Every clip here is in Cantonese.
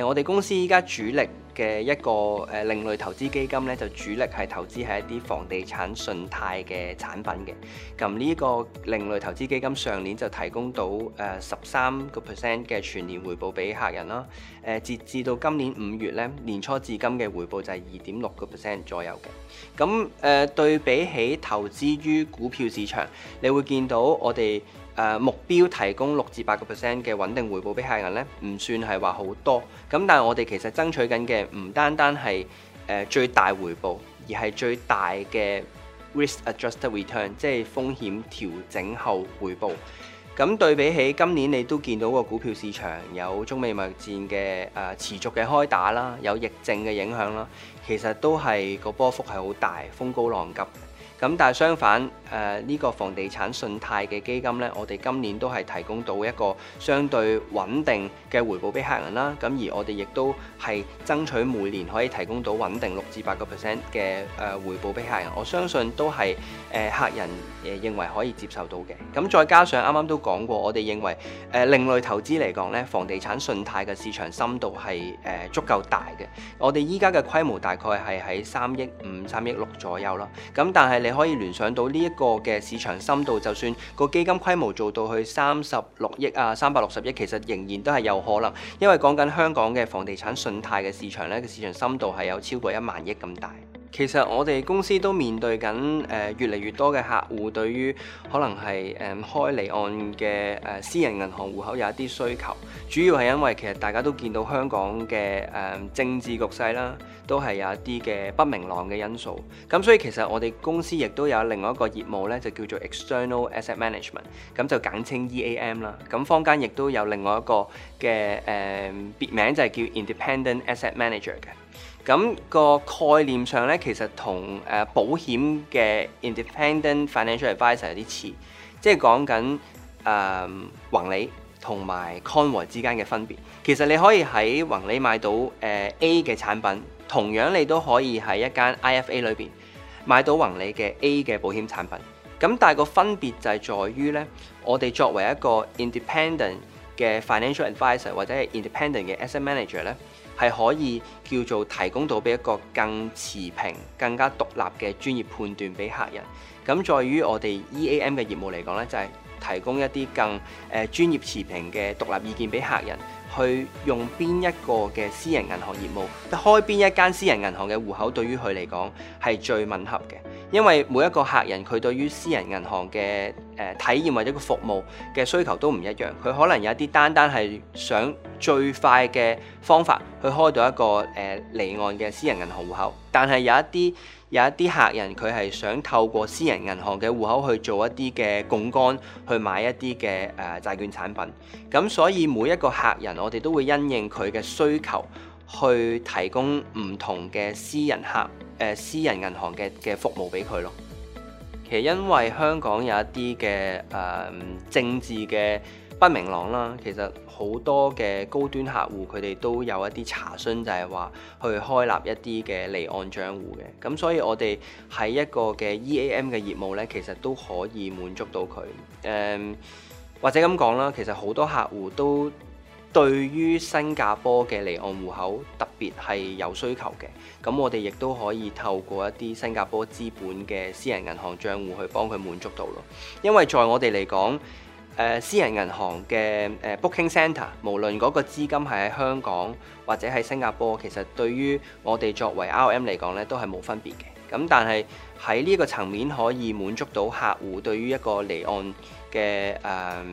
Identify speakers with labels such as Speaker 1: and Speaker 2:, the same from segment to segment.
Speaker 1: 誒，我哋公司依家主力嘅一個誒另類投資基金咧，就主力係投資喺一啲房地產信貸嘅產品嘅。咁呢個另類投資基金上年就提供到誒十三個 percent 嘅全年回報俾客人啦。誒，截至到今年五月咧，年初至今嘅回報就係二點六個 percent 左右嘅。咁誒對比起投資於股票市場，你會見到我哋。目標提供六至八個 percent 嘅穩定回報俾客人呢，唔算係話好多。咁但係我哋其實爭取緊嘅唔單單係誒、呃、最大回報，而係最大嘅 risk adjusted return，即係風險調整後回報。咁對比起今年，你都見到個股票市場有中美貿易戰嘅誒、呃、持續嘅開打啦，有疫症嘅影響啦，其實都係個波幅係好大，風高浪急。咁但係相反。誒呢個房地產信貸嘅基金咧，我哋今年都係提供到一個相對穩定嘅回報俾客人啦。咁而我哋亦都係爭取每年可以提供到穩定六至八個 percent 嘅誒回報俾客人。我相信都係誒客人誒認為可以接受到嘅。咁再加上啱啱都講過，我哋認為誒另類投資嚟講咧，房地產信貸嘅市場深度係誒足夠大嘅。我哋依家嘅規模大概係喺三億五、三億六左右咯。咁但係你可以聯想到呢、這、一個。個嘅市場深度，就算個基金規模做到去三十六億啊，三百六十億，其實仍然都係有可能，因為講緊香港嘅房地產信貸嘅市場咧，個市場深度係有超過一萬億咁大。其實我哋公司都面對緊誒、呃、越嚟越多嘅客戶對於可能係誒、呃、開離岸嘅誒、呃、私人銀行戶口有一啲需求，主要係因為其實大家都見到香港嘅誒、呃、政治局勢啦，都係有一啲嘅不明朗嘅因素。咁所以其實我哋公司亦都有另外一個業務咧，就叫做 External Asset Management，咁就簡稱 EAM 啦。咁坊間亦都有另外一個嘅誒別名就係叫 Independent Asset Manager 嘅。咁個概念上咧，其實同誒、呃、保險嘅 Independent Financial Advisor 有啲似，即係講緊誒宏利同埋康宏之間嘅分別。其實你可以喺宏利買到誒、呃、A 嘅產品，同樣你都可以喺一間 IFA 裏邊買到宏利嘅 A 嘅保險產品。咁但係個分別就係在於咧，我哋作為一個 Independent。嘅 financial advisor 或者係 independent 嘅 asset manager 咧，係可以叫做提供到俾一個更持平、更加獨立嘅專業判斷俾客人。咁在於我哋 EAM 嘅業務嚟講咧，就係、是、提供一啲更誒專業持平嘅獨立意見俾客人，去用邊一個嘅私人銀行業務，開邊一間私人銀行嘅戶口，對於佢嚟講，係最吻合嘅。因為每一個客人佢對於私人銀行嘅誒體驗或者個服務嘅需求都唔一樣，佢可能有一啲單單係想最快嘅方法去開到一個誒離岸嘅私人銀行戶口，但係有一啲有一啲客人佢係想透過私人銀行嘅戶口去做一啲嘅槓桿，去買一啲嘅誒債券產品。咁所以每一個客人我哋都會因應佢嘅需求去提供唔同嘅私人客。私人銀行嘅嘅服務俾佢咯，其實因為香港有一啲嘅誒政治嘅不明朗啦，其實好多嘅高端客戶佢哋都有一啲查詢就係話去開立一啲嘅離岸帳戶嘅，咁所以我哋喺一個嘅 EAM 嘅業務呢，其實都可以滿足到佢，誒、呃、或者咁講啦，其實好多客戶都，對於新加坡嘅離岸戶口，特別係有需求嘅，咁我哋亦都可以透過一啲新加坡資本嘅私人銀行帳戶去幫佢滿足到咯。因為在我哋嚟講，誒私人銀行嘅誒 booking centre，無論嗰個資金係喺香港或者喺新加坡，其實對於我哋作為 RM 嚟講咧，都係冇分別嘅。咁但係喺呢個層面可以滿足到客戶對於一個離岸嘅誒、呃，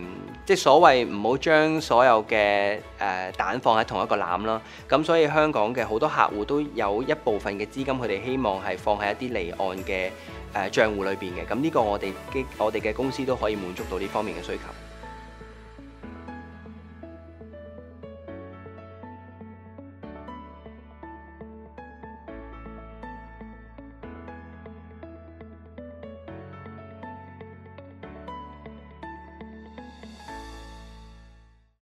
Speaker 1: 即係所謂唔好將所有嘅誒、呃、蛋放喺同一個籃啦。咁所以香港嘅好多客戶都有一部分嘅資金，佢哋希望係放喺一啲離岸嘅誒賬戶裏邊嘅。咁呢個我哋嘅我哋嘅公司都可以滿足到呢方面嘅需求。